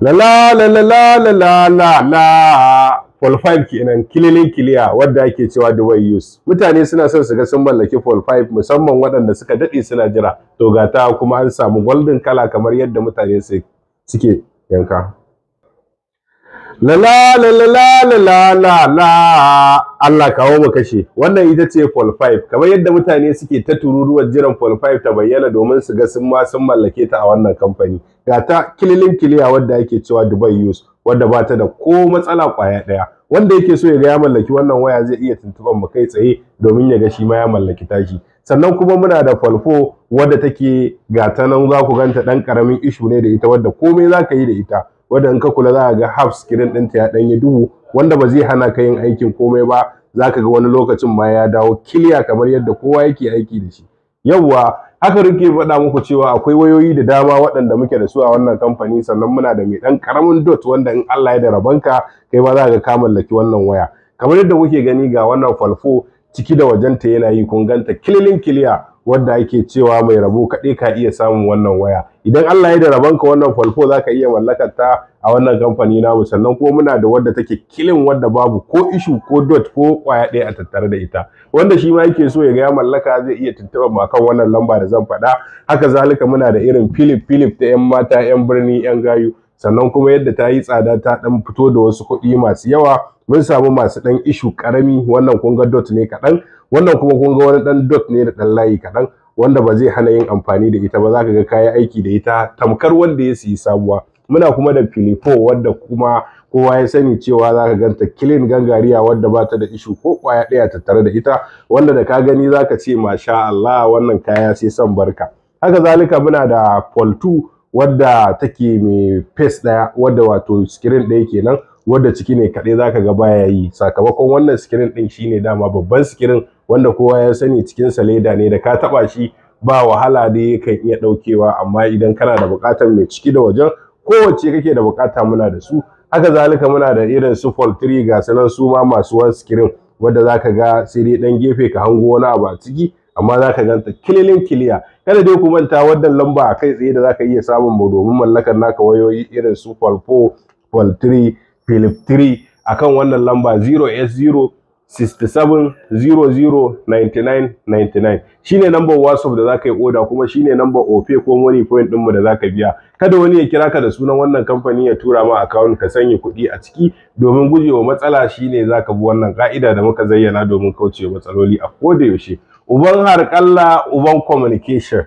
la la la la la la la la Fall 5 kenan kililin kiliya wanda ake cewa Dubai use mutane suna son su ga sun mallaki Fall 5 musamman waɗanda suka dade suna jira to gata kuma an samu golden kala kamar yadda mutane suke yanka la la la la la Allah kawo mu kashe wannan ita ce Paul 5 kamar yadda mutane suke ta tururuwar jiran Paul 5 ta bayyana domin su ga sun ma sun mallake ta a wannan kamfani ga ta kililin kiliya wadda ake cewa Dubai Use wadda ba ta da ko matsala kwaya daya wanda yake so ya ga ya mallaki wannan waya zai iya tuntuban mu kai tsaye domin ya ga shi ma ya mallaki tashi sannan kuma muna da Paul 4 wadda take ga nan za ku ganta dan karamin issue ne da ita wadda komai za ka yi da ita wanda in ka kula za ga half screen ɗinta ya ɗanyi duhu wanda ba zai hana ka yin aikin komai ba za ka ga wani lokacin ma ya dawo kiliya kamar yadda kowa yake aiki da shi yawwa haka rike faɗa muku cewa akwai wayoyi da dama waɗanda muke da su a wannan kamfani sannan muna da mai ɗan karamin dot wanda in Allah ya da rabanka kai ma za ka ka mallaki wannan waya kamar yadda kuke gani ga wannan falfo ciki da wajenta yana yi kun ganta kililin kiliya wanda ake cewa mai rabo kaɗai ka iya samun wannan waya idan Allah ya da rabon ka wannan falfo za ka iya mallakar ta a wannan kamfani namu sannan kuma muna da wadda take kilin wanda babu ko ishu ko dot ko kwaya ɗaya a tattare da ita wanda shi ma yake so ya ga ya mallaka zai iya tuntuɓa ma kan wannan lamba da zan faɗa haka zalika muna da irin philip philip ta yan mata yan birni yan gayu sannan kuma yadda ta yi tsada ta ɗan fito da wasu kuɗi masu yawa mun samu masu ɗan ishu ƙarami wannan kun ga dot ne kaɗan wannan kuma kun ga wani dan dot ne da dan layi kaɗan wanda ba zai hana yin amfani da ita ba za ka ga kayi aiki da ita tamkar wanda ya siyi sabuwa muna kuma da filipo wadda kuma kowa ya sani cewa za ka ganta kilin gangariya wadda ba ta da ishu ko kwaya ɗaya tattare da ita wanda da ka gani za ka ce masha Allah wannan kaya sai son barka haka zalika muna da 2 wadda take mai face ɗaya wadda wato screen ɗaya kenan wadda ciki ne kaɗai za ka ga baya yi sakamakon wannan screen ɗin shine dama babban screen wanda kowa ya sani cikin sa leda ne da ka taba shi ba wahala dai kan iya daukewa amma idan kana da bukatar mai ciki da wajen kowace kake da bukata muna da su haka zalika muna da irin su poultry ga sanan su ma masu wan screen wanda zaka ga sai dai dan gefe ka hango wani abu a ciki amma zaka ganta kililin kiliya kada dai ku manta wannan lamba a kai tsaye da zaka iya samun mu domin mallakar naka wayoyi irin su Paul 4, 3, Philip 3 akan wannan lamba 0S0 67009999 shine number WhatsApp da zaka yi order kuma shine number ope ko money point din mu da zaka biya kada wani ya kira ka da sunan wannan kamfani ya tura ma account ka sanya kuɗi a ciki domin gujewa matsala shine zaka bi wannan ka'ida da muka zayyana domin kaucewa matsaloli a koda yaushe uban harƙalla uban communication